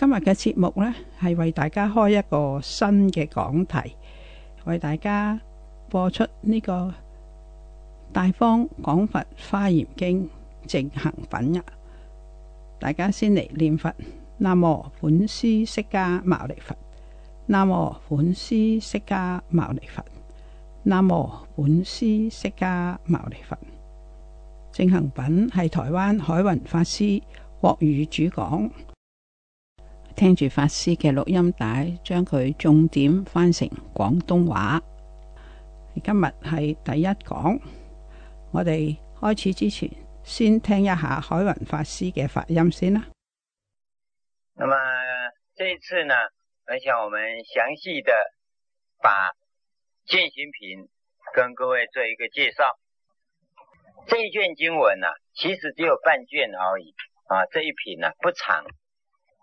今日嘅節目呢，係為大家開一個新嘅講題，為大家播出呢、這個大方廣佛花嚴經淨行品、啊。大家先嚟念佛：南無本師釋迦牟尼佛。南無本師釋迦牟尼佛。南無本師釋迦牟尼佛。淨行品係台灣海雲法師國語主講。聽住法師嘅錄音帶，將佢重點翻成廣東話。今日係第一講，我哋開始之前，先聽一下海雲法師嘅發音先啦。咁啊，這次呢，我想我們詳細的把淨行品跟各位做一個介紹。這一卷經文、啊、其實只有半卷而已啊，這一品呢、啊、不長。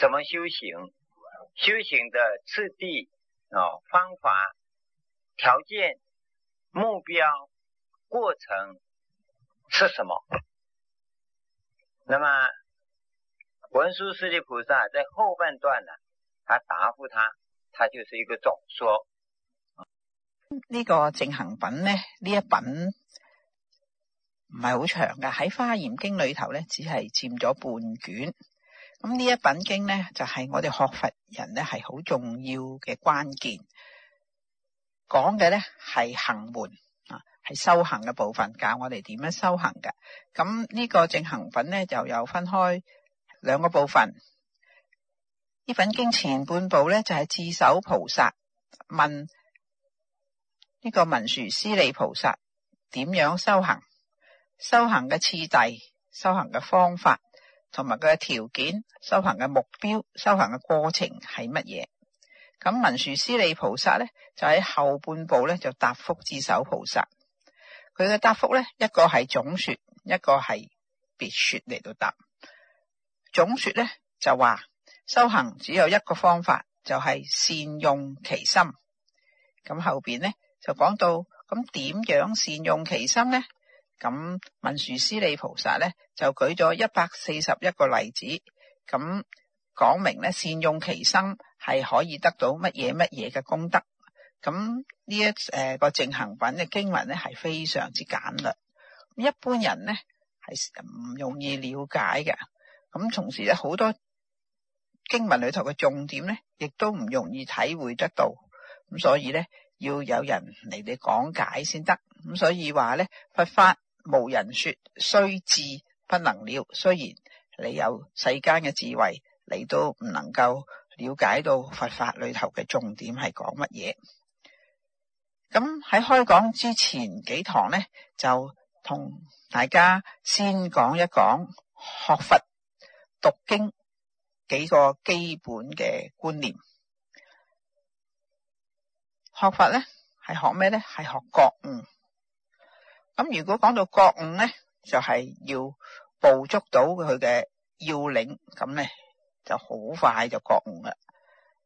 怎麼修行？修行的次第啊、哦，方法、條件、目標、過程是什麼？那麼文殊師利菩薩在後半段呢，他答覆他，他就是一個總說。呢、這個淨行品呢，呢一品唔係好長噶，喺《華嚴經》裏頭咧，只係佔咗半卷。咁呢一本經咧，就係、是、我哋學佛人咧係好重要嘅關鍵，講嘅咧係行門啊，係修行嘅部分，教我哋點樣修行嘅。咁呢個正行品咧，就有分開兩個部分。呢本經前半部咧，就係、是、智首菩薩問呢個文殊師利菩薩點樣修行，修行嘅次第、修行嘅方法。同埋佢嘅條件、修行嘅目標、修行嘅過程係乜嘢？咁文殊師利菩薩咧，就喺後半部咧就答復智首菩薩。佢嘅答復咧，一個係總說，一個係別說嚟到答。總說咧就話修行只有一個方法，就係、是、善用其心。咁後邊咧就講到咁點樣善用其心咧？咁文殊師利菩薩咧就舉咗一百四十一個例子，咁講明咧，善用其身係可以得到乜嘢乜嘢嘅功德。咁呢一誒個淨行品嘅經文咧係非常之簡略，一般人咧係唔容易了解嘅。咁同時咧好多經文裏頭嘅重點咧亦都唔容易體會得到。咁所以咧要有人嚟，你講解先得。咁所以話咧佛法。無人說，雖智不能了。雖然你有世間嘅智慧，你都唔能夠了解到佛法裏頭嘅重點係講乜嘢。咁喺開講之前幾堂呢，就同大家先講一講學佛讀經幾個基本嘅觀念。學佛呢，係學咩呢？係學覺悟。咁如果講到覺悟咧，就係要捕捉到佢嘅要領，咁咧就好快就覺悟啦。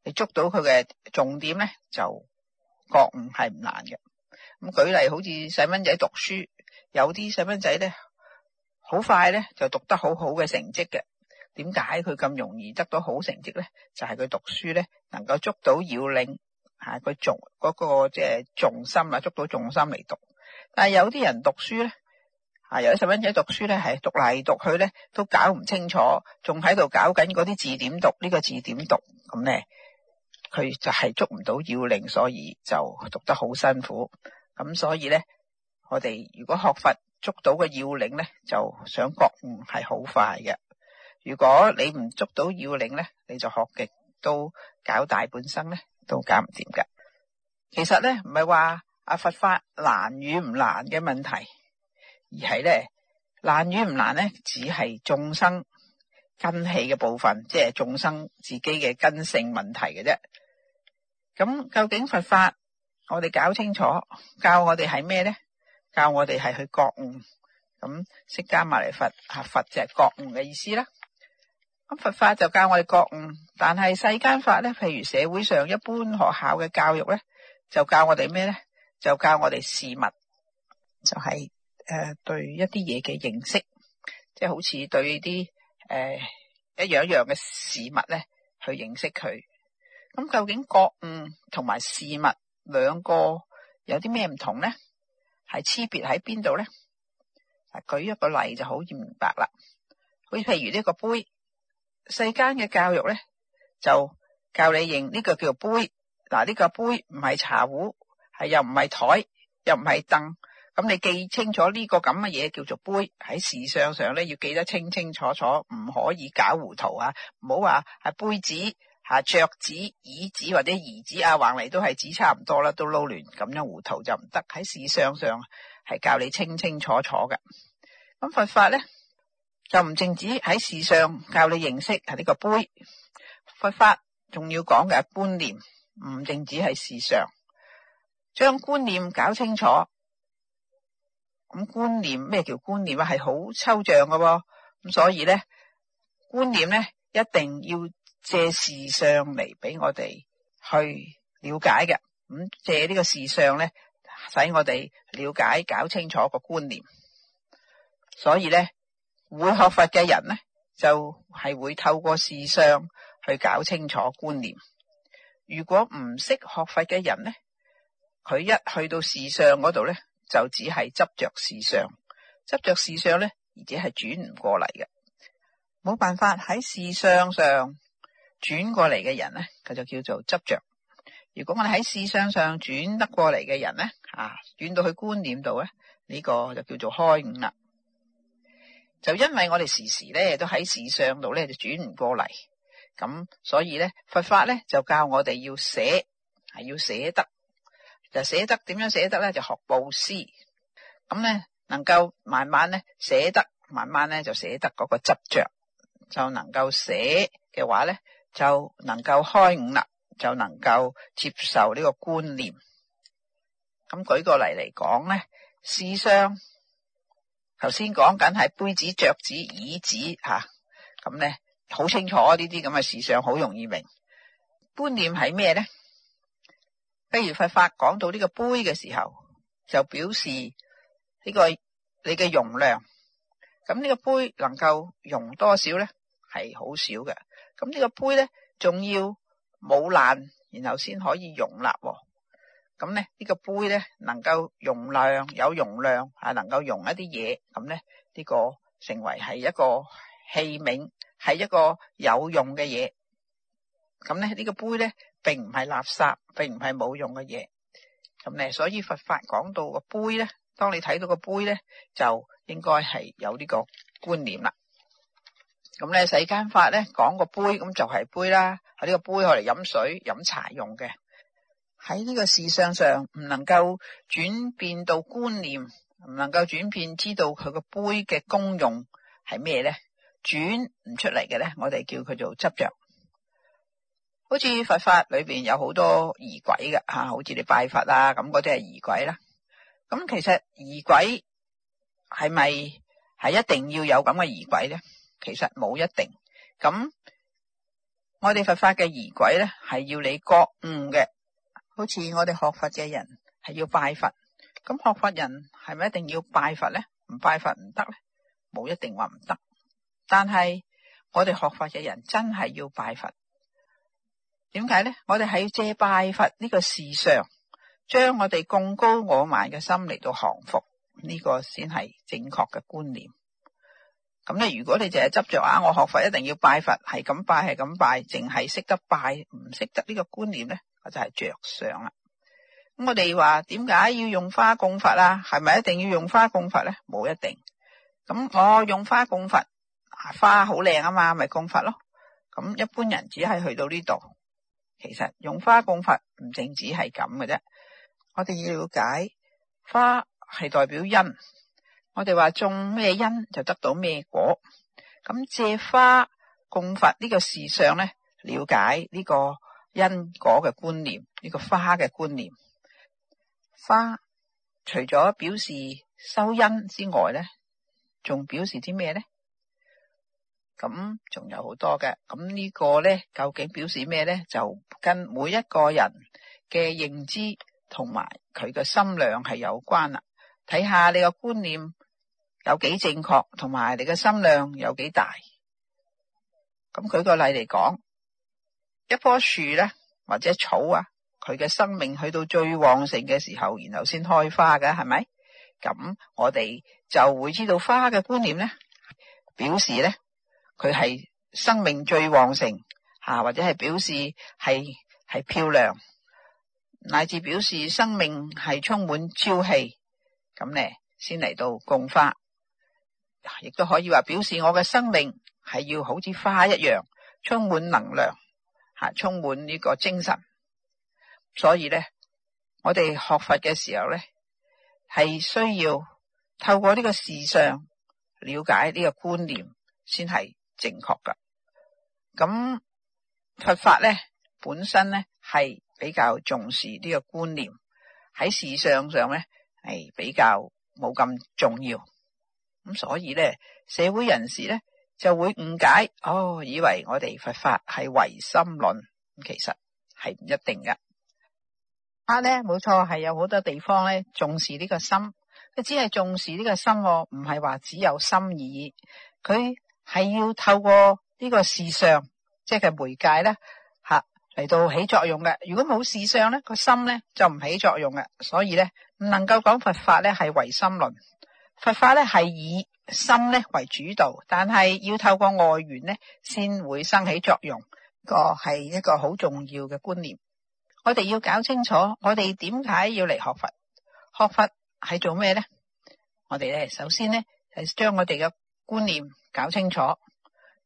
你捉到佢嘅重點咧，就覺悟係唔難嘅。咁舉例好似細蚊仔讀書，有啲細蚊仔咧好快咧就讀得好好嘅成績嘅。點解佢咁容易得到好成績咧？就係佢讀書咧能夠捉到要領，吓佢重嗰個即係重心啊，捉到重心嚟讀。但係有啲人讀書咧，啊，有啲細蚊仔讀書咧，係讀嚟讀去咧，都搞唔清楚，仲喺度搞緊嗰啲字點讀，呢個字點讀，咁咧佢就係捉唔到要領，所以就讀得好辛苦。咁所以咧，我哋如果學佛捉到嘅要領咧，就想覺悟係好快嘅。如果你唔捉到要領咧，你就學極都搞大半生咧，都搞唔掂噶。其實咧，唔係話。阿佛法難與唔難嘅問題，而係咧難與唔難咧，只係眾生根器嘅部分，即係眾生自己嘅根性問題嘅啫。咁究竟佛法，我哋搞清楚，教我哋係咩咧？教我哋係去覺悟，咁釋迦牟尼佛，佛就係覺悟嘅意思啦。咁佛法就教我哋覺悟，但係世間法咧，譬如社會上一般學校嘅教育咧，就教我哋咩咧？就教我哋事物，就係、是、誒、呃、對一啲嘢嘅認識，即、就、係、是、好似對啲誒、呃、一樣一樣嘅事物咧，去認識佢。咁究竟覺悟同埋事物兩個有啲咩唔同咧？係區別喺邊度咧？舉一個例就好易明白啦。好似譬如呢個杯，世間嘅教育咧，就教你認呢個叫做杯。嗱、這、呢個杯唔係茶壺。係又唔係台，又唔係凳，咁你記清楚呢，這個咁嘅嘢叫做杯，喺視相上咧，要記得清清楚楚，唔可以搞糊塗啊！唔好話係杯子、吓、啊、桌子、椅子或者兒子啊，橫嚟都係字差唔多啦，都撈亂咁樣糊塗就唔得。喺視相上係教你清清楚楚嘅。咁佛法咧就唔淨止喺視相教你認識係呢個杯，佛法仲要講嘅係觀念，唔淨止係視相。將觀念搞清楚，咁觀念，咩叫觀念啊？係好抽象㗎，咁所以咧觀念咧一定要借事相嚟，俾我哋去了解嘅。咁借這個呢個事相咧，使我哋了解、搞清楚個觀念。所以咧會學佛嘅人咧就係會透過事相去搞清楚觀念。如果唔識學佛嘅人咧？佢一去到事相嗰度咧，就只係執着事相，執着事相咧，而且係轉唔過嚟嘅，冇辦法喺事相上轉過嚟嘅人咧，佢就叫做執着。如果我哋喺事相上轉得過嚟嘅人咧，啊，轉到去觀念度咧，呢個就叫做開悟啦。就因為我哋時時咧都喺事相度咧就轉唔過嚟，咁所以咧佛法咧就教我哋要捨，係要捨得。就寫得點樣寫得咧？就學布施。咁咧能夠慢慢咧寫得，慢慢咧就寫得嗰個執着，就能夠寫嘅話咧，就能夠開悟啦，就能夠接受呢個觀念。咁舉個例嚟講咧，事相頭先講緊係杯子、桌子、椅子吓，咁咧好清楚啊！呢啲咁嘅事相好容易明。觀念係咩咧？譬如佛法講到呢個杯嘅時候，就表示呢、這個你嘅容量。咁、這、呢個杯能夠容多少咧？係好少嘅。咁、這、呢個杯咧，仲要冇爛，然後先可以容納。咁咧呢、這個杯咧，能夠容量有容量，啊能夠容一啲嘢。咁咧呢、這個成為係一個器皿，係一個有用嘅嘢。咁咧呢、這個杯咧。並唔係垃圾，並唔係冇用嘅嘢，咁咧，所以佛法講到個杯咧，當你睇到個杯咧，就應該係有呢個觀念啦。咁咧，世間法咧講個杯，就是杯這個杯，咁就係杯啦，喺呢個杯，學嚟飲水、飲茶用嘅。喺呢個事相上唔能夠轉變到觀念，唔能夠轉變知道佢個杯嘅功用係咩咧，轉唔出嚟嘅咧，我哋叫佢做執着。好似佛法裏邊有好多儀軌嘅吓，好似你拜佛啊咁，嗰啲係儀軌啦。咁其實儀軌係咪係一定要有咁嘅儀軌咧？其實冇一定。咁我哋佛法嘅儀軌咧，係要你覺悟嘅。好似我哋學佛嘅人係要拜佛，咁學佛人係咪一定要拜佛咧？唔拜佛唔得咧？冇一定話唔得，但係我哋學佛嘅人真係要拜佛。點解咧？我哋喺借拜佛呢個事上，將我哋貢高我慢嘅心嚟到降伏，呢、這個先係正確嘅觀念。咁、嗯、咧，如果你淨係執着啊，我學佛一定要拜佛，係咁拜係咁拜，淨係識得拜，唔識得呢個觀念咧，我就係着相啦。咁、嗯、我哋話點解要用花供佛啊？係咪一定要用花供佛咧？冇一定。咁我用花供佛，花好靚啊嘛，咪供佛咯。咁一般人只係去到呢度。其實用花供佛唔淨止係咁嘅啫，我哋要了解花係代表因，我哋話種咩因就得到咩果，咁借花供佛呢個事上咧，了解呢個因果嘅觀念，呢個花嘅觀念，花除咗表示收因之外咧，仲表示啲咩咧？咁仲有好多嘅，咁呢個咧究竟表示咩咧？就跟每一個人嘅認知同埋佢嘅心量係有關啦。睇下你個觀念有幾正確，同埋你嘅心量有幾大。咁舉個例嚟講，一棵樹咧或者草啊，佢嘅生命去到最旺盛嘅時候，然後先開花㗎，係咪？咁我哋就會知道花嘅觀念咧，表示咧。佢係生命最旺盛或者係表示係係漂亮，乃至表示生命係充滿朝氣。咁咧，先嚟到供花，亦都可以話表示我嘅生命係要好似花一樣充滿能量吓，充滿呢個精神。所以咧，我哋學佛嘅時候咧，係需要透過呢個事相了解呢個觀念，先係正確噶咁佛法咧，本身咧，係比較重視呢個觀念，喺事相上咧，係比較冇咁重要。咁所以咧，社會人士咧，就會誤解哦，以為我哋佛法係唯心論，其實係唔一定噶。啊咧，冇錯係有好多地方咧重視呢個心，佢只係重視呢個心，唔係話只有心意。佢。係要透過呢個事相，即係媒介咧，吓嚟到起作用嘅。如果冇事相咧，個心咧就唔起作用嘅。所以咧，唔能夠講佛法咧係唯心論，佛法咧係以心咧為主導，但係要透過外緣咧先會生起作用。個係一個好重要嘅觀念。我哋要搞清楚，我哋點解要嚟學佛？學佛係做咩咧？我哋咧，首先咧係將我哋嘅。觀念搞清楚，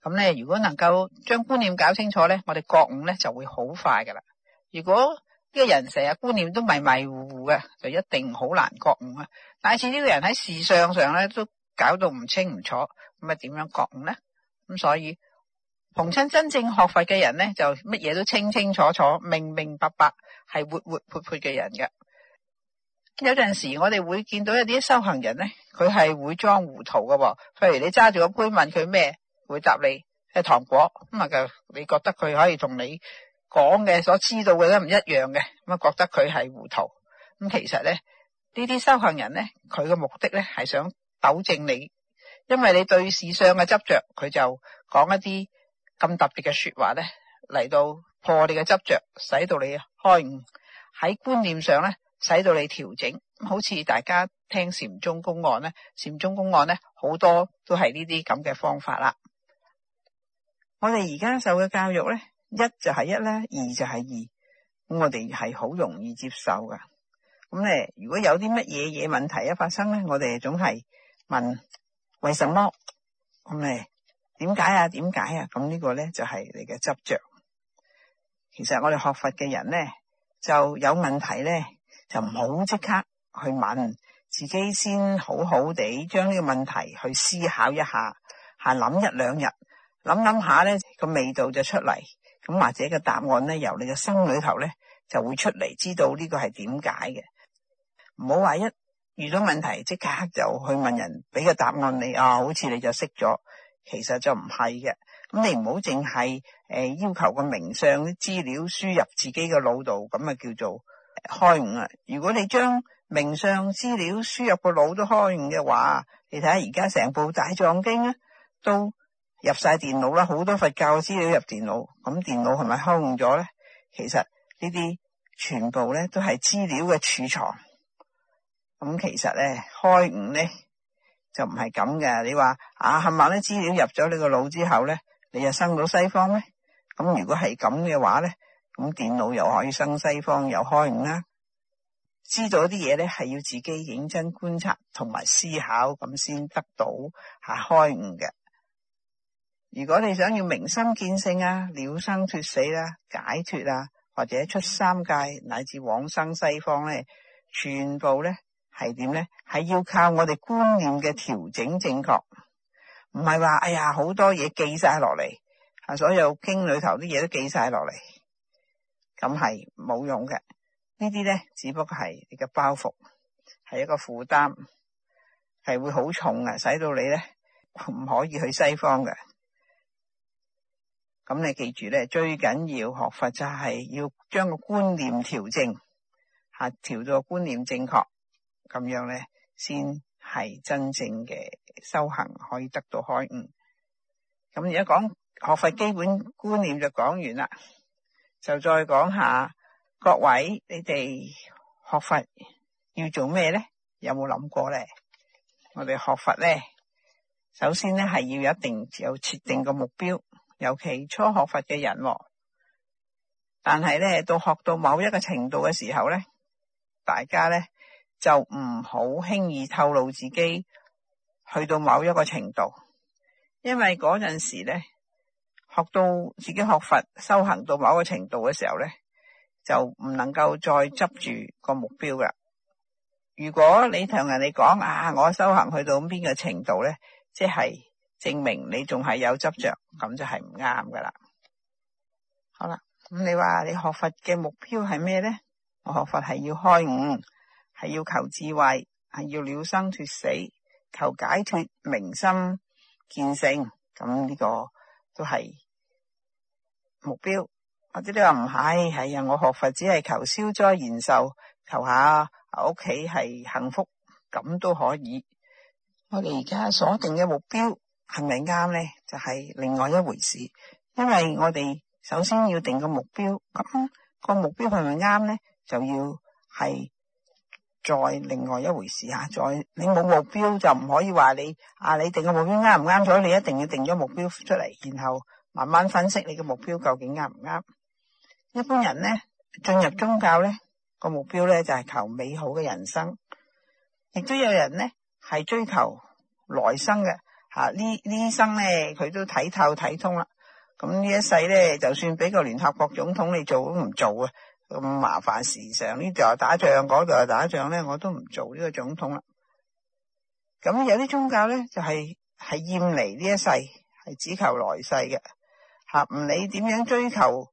咁咧如果能夠將觀念搞清楚咧，我哋覺悟咧就會好快噶啦。如果呢個人成日觀念都迷迷糊糊嘅，就一定好難覺悟啊。但係呢個人喺事相上咧都搞到唔清唔楚，咁啊點樣覺悟咧？咁所以，逢親真正學佛嘅人咧，就乜嘢都清清楚楚、明明白白，係活活潑潑嘅人嘅。有陣時我哋會見到一啲修行人咧，佢係會裝糊塗㗎喎。譬如你揸住個杯問佢咩，會答你係糖果。咁啊，就你覺得佢可以同你講嘅所知道嘅都唔一樣嘅，咁啊覺得佢係糊塗。咁其實咧，呢啲修行人咧，佢嘅目的咧係想糾正你，因為你對事上嘅執着，佢就講一啲咁特別嘅說話咧嚟到破你嘅執着，使到你開悟喺觀念上咧。使到你調整，好似大家聽禪宗公案咧，禪宗公案咧好多都係呢啲咁嘅方法啦。我哋而家受嘅教育咧，一就係一啦，二就係二，咁我哋係好容易接受噶。咁咧，如果有啲乜嘢嘢問題一發生咧，我哋總係問為什麼，咁咧點解啊點解啊？咁呢個咧就係你嘅執着。其實我哋學佛嘅人咧就有問題咧。就唔好即刻去問，自己先好好地將呢個問題去思考一下，係諗一兩日，諗諗下咧個味道就出嚟。咁或者個答案咧由你嘅心裏頭咧就會出嚟，知道呢個係點解嘅。唔好話一遇到問題即刻就去問人，俾個答案你啊，哦，好似你就識咗，其實就唔係嘅。咁你唔好淨係誒要求個名相啲資料輸入自己嘅腦度，咁啊叫做開悟啊！如果你將名相資料輸入個腦都開悟嘅話，你睇下而家成部大藏經咧，都入晒電腦啦，好多佛教資料入電腦，咁電腦係咪開悟咗咧？其實呢啲全部咧都係資料嘅儲藏，咁其實咧開悟咧就唔係咁嘅。你話啊，冚唪唥啲資料入咗你個腦之後咧，你又生到西方咧？咁如果係咁嘅話咧？咁電腦又可以生西方，又開悟啦。知道啲嘢咧，係要自己認真觀察同埋思考，咁先得到開悟嘅。如果你想要明心見性啊、了生脱死啦、解脱啊，或者出三界乃至往生西方咧，全部咧係點咧？係要靠我哋觀念嘅調整正確，唔係話哎呀，好多嘢記曬落嚟啊，所有經裏頭啲嘢都記曬落嚟。咁係冇用嘅，呢啲咧只不過係你嘅包袱，係一個負擔，係會好重㗎，使到你咧唔可以去西方嘅。咁你記住咧，最緊要學佛就係要將個觀念調整吓調到個觀念正確，咁樣咧先係真正嘅修行，可以得到開悟。咁而家講學佛基本觀念就講完啦。就再講下各位，你哋學佛要做咩呢？有冇諗過呢？我哋學佛呢，首先呢係要有一定有設定個目標，尤其初學佛嘅人喎。但係呢，到學到某一個程度嘅時候呢，大家呢就唔好輕易透露自己去到某一個程度，因為嗰陣時呢。學到自己學佛修行到某個程度嘅時候咧，就唔能夠再執住個目標噶。如果你同人哋講啊，我修行去到邊個程度咧，即係證明你仲係有執着，咁就係唔啱噶啦。好啦，咁你話你學佛嘅目標係咩咧？我學佛係要開悟，係要求智慧，係要了生脫死，求解脫明心見性。咁呢個都係。目標，或者你話唔係，係啊，我學佛只係求消災延壽，求下屋企係幸福，咁都可以。我哋而家所定嘅目標係咪啱咧？就係、是、另外一回事，因為我哋首先要定個目標，咁、那個目標係咪啱咧？就要係再另外一回事啊！再你冇目標就唔可以話你啊，你定個目標啱唔啱咗？你一定要定咗目標出嚟，然後。慢慢分析你嘅目標究竟啱唔啱？一般人呢，進入宗教呢個目標呢，就係求美好嘅人生，亦都有人呢係追求來生嘅吓。呢，呢生呢，佢都睇透睇通啦。咁呢一世呢，就算俾個聯合國總統你做都唔做啊！咁麻煩，時常呢度又打仗，嗰度又打仗呢，我都唔做呢個總統啦。咁有啲宗教呢，就係係厭離呢一世，係只求來世嘅。吓，唔理點樣追求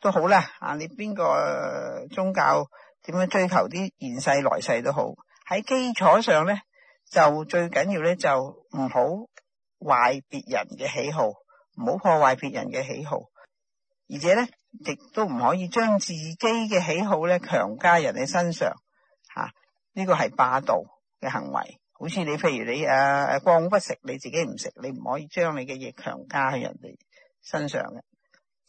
都好啦。吓，你邊個宗教點樣追求啲現世來世都好。喺基礎上咧，就最緊要咧就唔好壞別人嘅喜好，唔好破壞別人嘅喜好。而且咧，亦都唔可以將自己嘅喜好咧強加人哋身上。吓，呢個係霸道嘅行為。好似你，譬如你啊，光不食，你自己唔食，你唔可以將你嘅嘢強加喺人哋。身上嘅，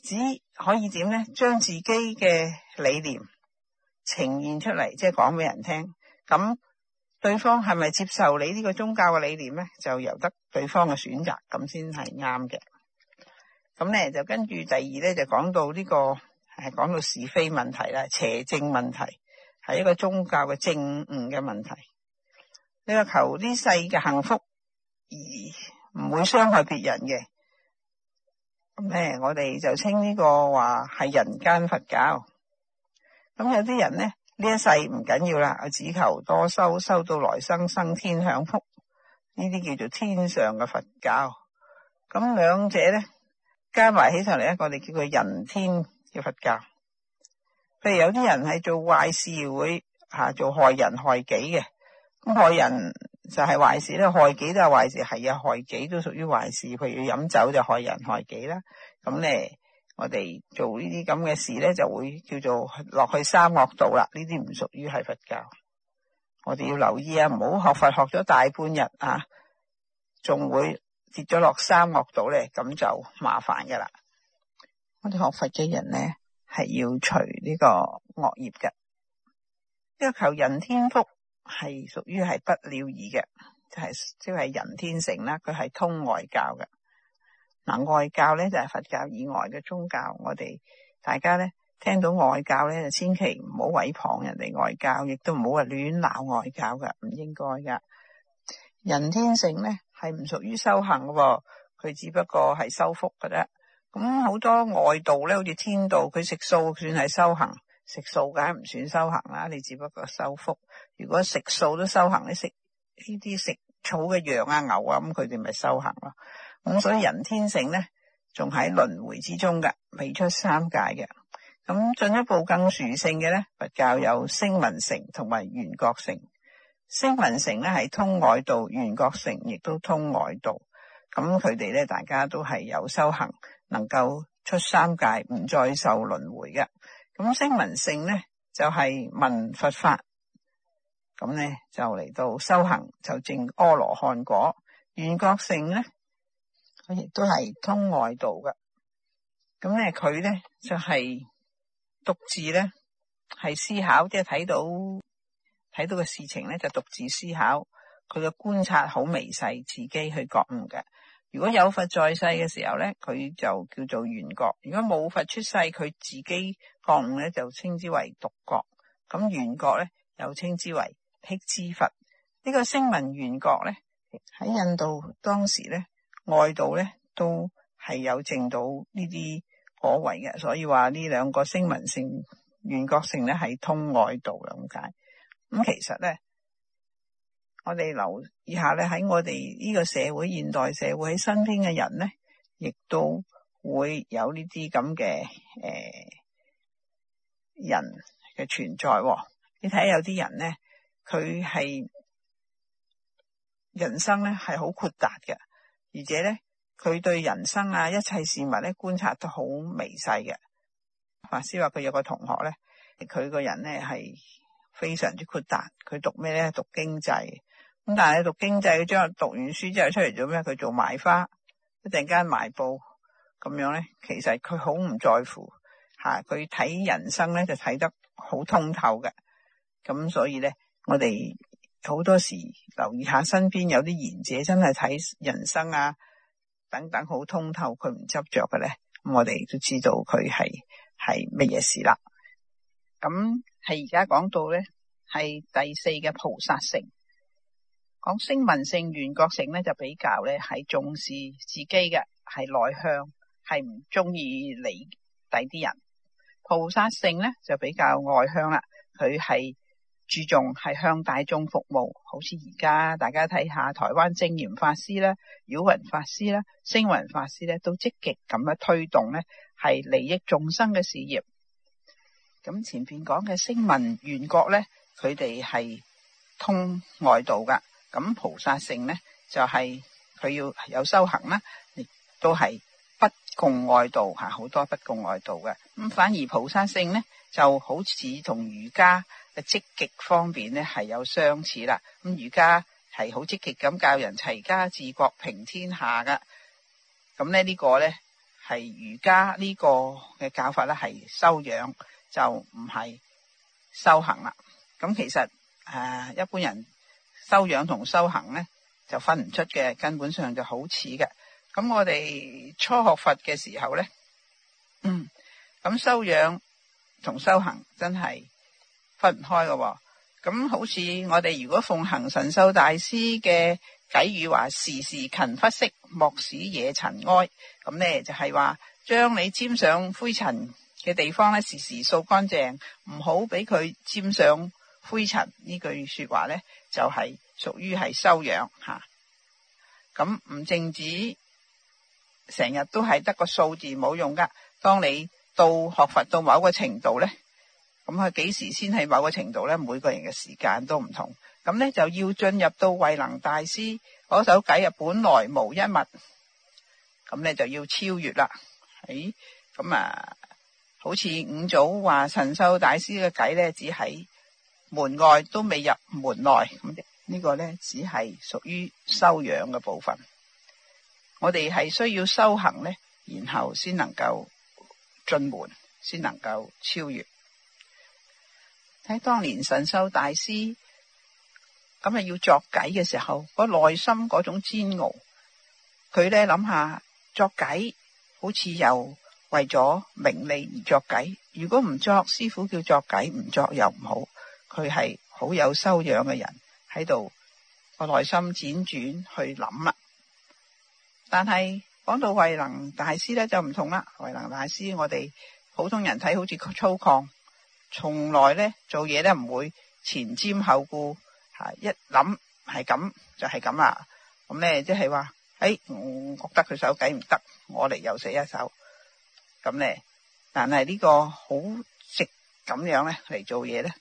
只可以點咧？將自己嘅理念呈現出嚟，即係講俾人聽。咁對方係咪接受你呢個宗教嘅理念咧？就由得對方嘅選擇，咁先係啱嘅。咁咧就跟住第二咧，就講到呢個係講到是非問題啦，邪正問題，係一個宗教嘅正誤嘅問題。你話求呢世嘅幸福而唔會傷害別人嘅？咁咧，我哋就稱呢個話係人間佛教。咁有啲人呢，呢一世唔緊要啦，只求多修，修到來生生天享福。呢啲叫做天上嘅佛教。咁兩者咧加埋起上嚟，我哋叫佢人天嘅佛教。譬如有啲人係做壞事會吓做害人害己嘅，咁害人。就係、是、壞事啦，害己都係壞事，係啊，害己都屬於壞事。譬如飲酒就害人害己啦。咁咧，我哋做呢啲咁嘅事咧，就會叫做落去三惡道啦。呢啲唔屬於係佛教，我哋要留意啊，唔好學佛學咗大半日啊，仲會跌咗落三惡道咧，咁就麻煩噶啦。我哋學佛嘅人咧，係要除呢個惡業嘅，要求人天福。係屬於係不了義嘅，就係即係人天乘啦。佢係通外教嘅。嗱、呃，外教咧就係、是、佛教以外嘅宗教。我哋大家咧聽到外教咧，就千祈唔好毀謗人哋外教，亦都唔好話亂鬧外教噶，唔應該噶。人天乘咧係唔屬於修行嘅，佢只不過係修福嘅啫。咁好多外道咧，好似天道，佢食素算係修行。食素梗唔算修行啦，你只不過修福。如果食素都修行，你食呢啲食草嘅羊啊牛啊，咁佢哋咪修行咯。咁所以人天乘咧，仲喺輪回之中噶，未出三界嘅。咁進一步更殊勝嘅咧，佛教有聲聞乘同埋緣覺乘。聲聞乘咧係通外道，緣覺乘亦都通外道。咁佢哋咧，大家都係有修行，能夠出三界，唔再受輪回嘅。咁聲聞性咧就係、是、聞佛法，咁咧就嚟到修行就證阿羅漢果。緣覺性咧佢亦都係通外道㗎。咁咧佢咧就係獨自咧係思考，即係睇到睇到嘅事情咧就獨、是、自思考，佢嘅觀察好微細，自己去覺悟嘅。如果有佛在世嘅時候咧，佢就叫做原國；如果冇佛出世，佢自己覺悟咧，就稱之為獨國。咁原國咧，又稱之為辟支佛。這個、原國呢個聲聞圓國咧，喺印度當時咧外道咧都係有證到呢啲果位嘅，所以話呢兩個聲聞性原國性咧係通外道嘅。解？咁其實咧。我哋留意下咧，喺我哋呢個社會、現代社會喺身邊嘅人咧，亦都會有呢啲咁嘅誒人嘅存在、哦。你睇下有啲人咧，佢係人生咧係好豁達嘅，而且咧佢對人生啊一切事物咧觀察都好微細嘅。法師話佢有個同學咧，佢個人咧係非常之豁達，佢讀咩咧？讀經濟。咁但係讀經濟嘅，將讀完書之後出嚟做咩？佢做賣花，一陣間埋布咁樣咧。其實佢好唔在乎吓，佢、啊、睇人生咧就睇得好通透嘅。咁所以咧，我哋好多時留意下身邊有啲賢者，真係睇人生啊等等好通透，佢唔執着嘅咧、嗯，我哋都知道佢係係乜嘢事啦。咁係而家講到咧，係第四嘅菩薩城。講聲聞性緣覺性咧，就比較咧係重視自己嘅，係內向，係唔中意理第啲人。菩薩性咧就比較外向啦，佢係注重係向大眾服務，好似而家大家睇下台灣證嚴法師啦、曉雲法師啦、星雲法師咧，都積極咁樣推動咧係利益眾生嘅事業。咁前邊講嘅聲聞緣覺咧，佢哋係通外道噶。咁菩薩性咧，就係、是、佢要有修行啦，亦都係不共外道吓，好多不共外道嘅。咁反而菩薩性咧，就好似同儒家嘅積極方面咧，係有相似啦。咁儒家係好積極咁教人齊家治國平天下噶。咁咧呢個咧係儒家呢個嘅教法呢，係修養就唔係修行啦。咁其實誒一般人。修養同修行呢，就分唔出嘅，根本上就好似嘅。咁我哋初學佛嘅時候呢，嗯，咁修養同修行真係分唔開喎。咁好似我哋如果奉行神秀大師嘅偈語，話、嗯、時時勤拂拭，莫使惹塵埃。咁呢，就係話將你沾上灰塵嘅地方呢，時時掃乾淨，唔好俾佢沾上灰塵。呢句說話呢。就係、是、屬於係修養吓，咁唔淨止成日都係得個數字冇用噶。當你到學佛到某個程度咧，咁佢幾時先係某個程度咧？每個人嘅時間都唔同。咁咧就要進入到慧能大師嗰首偈啊，本來無一物，咁咧就要超越啦。誒、哎，咁啊，好似五祖話神秀大師嘅偈咧，只喺，門外都未入，門內咁呢、呢個呢只係屬於修養嘅部分。我哋係需要修行呢，然後先能夠進門，先能夠超越。喺當年神秀大師咁啊，要作偈嘅時候，個內心嗰種煎熬，佢呢諗下作偈好似又為咗名利而作偈。如果唔作，師傅叫作偈，唔作又唔好。佢係好有修養嘅人喺度，個內心輾轉去諗啦。但係講到慧能大師咧，就唔同啦。慧能大師，我哋普通人睇好似粗獷，從來咧做嘢咧唔會前瞻後顧，吓一諗係咁就係咁啦。咁咧即係話誒，我覺得佢手計唔得，我嚟又寫一手咁咧。但係、這個、呢個好直咁樣咧嚟做嘢咧。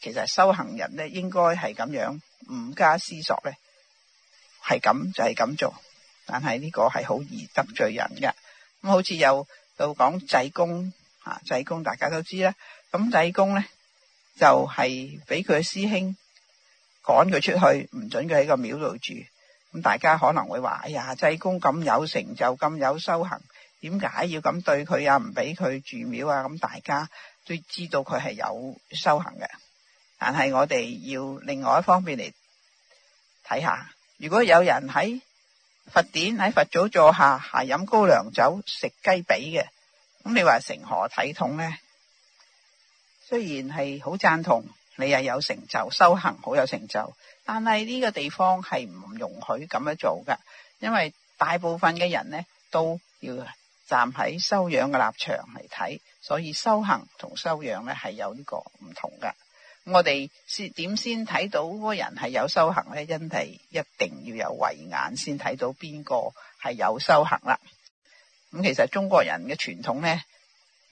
其實修行人咧，應該係咁樣，唔加思索咧，係咁就係咁做。但係呢個係好易得罪人嘅。咁好似又到講濟公吓，濟公大家都知啦。咁濟公咧就係俾佢嘅師兄趕佢出去，唔准佢喺個廟度住。咁大家可能會話：哎呀，濟公咁有成就，咁有修行，點解要咁對佢啊？唔俾佢住廟啊？咁大家都知道佢係有修行嘅。但係我哋要另外一方面嚟睇下，如果有人喺佛典喺佛祖座下係飲高粱酒食雞髀嘅，咁你話成何體統呢？雖然係好贊同你又有成就，修行好有成就，但係呢個地方係唔容許咁樣做噶，因為大部分嘅人呢都要站喺修養嘅立場嚟睇，所以修行同修養呢係有呢個唔同噶。我哋先點先睇到嗰個人係有修行咧？因係一定要有慧眼先睇到邊個係有修行啦。咁其實中國人嘅傳統咧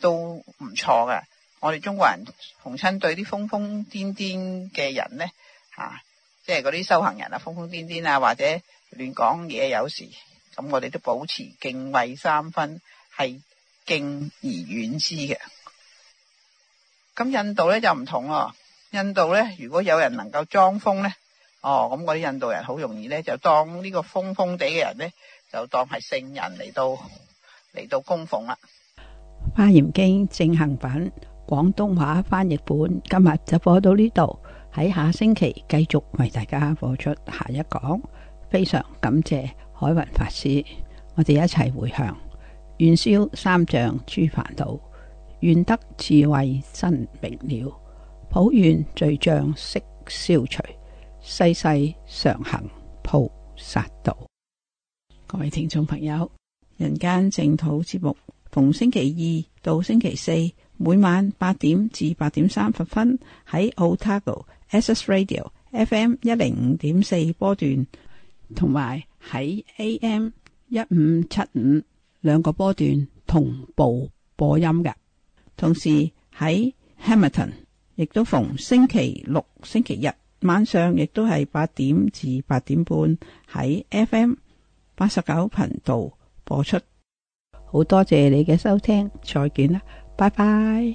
都唔錯噶我哋中國人逢親對啲瘋瘋癲癲嘅人咧吓、啊，即係嗰啲修行人啊，瘋瘋癲癲啊，或者亂講嘢有時，咁我哋都保持敬畏三分，係敬而遠之嘅。咁印度咧就唔同咯。印度呢，如果有人能夠裝瘋呢？哦，咁嗰啲印度人好容易呢，就當呢個瘋瘋地嘅人呢，就當係聖人嚟到嚟到供奉啦。《花嚴經》正行品廣東話翻譯本，今日就播到呢度，喺下星期繼續為大家播出下一講。非常感謝海雲法師，我哋一齊迴向，願消三障諸煩惱，願得智慧真明了。普願罪障悉消除，世世常行菩薩道。各位聽眾朋友，人間淨土節目逢星期二到星期四每晚八點至八點三十分喺 Otago S S Radio F M 一零五點四波段，同埋喺 A M 一五七五兩個波段同步播音嘅，同時喺 Hamilton。亦都逢星期六、星期日晚上，亦都係八點至八點半喺 FM 八十九頻道播出。好多謝你嘅收聽，再見啦，拜拜。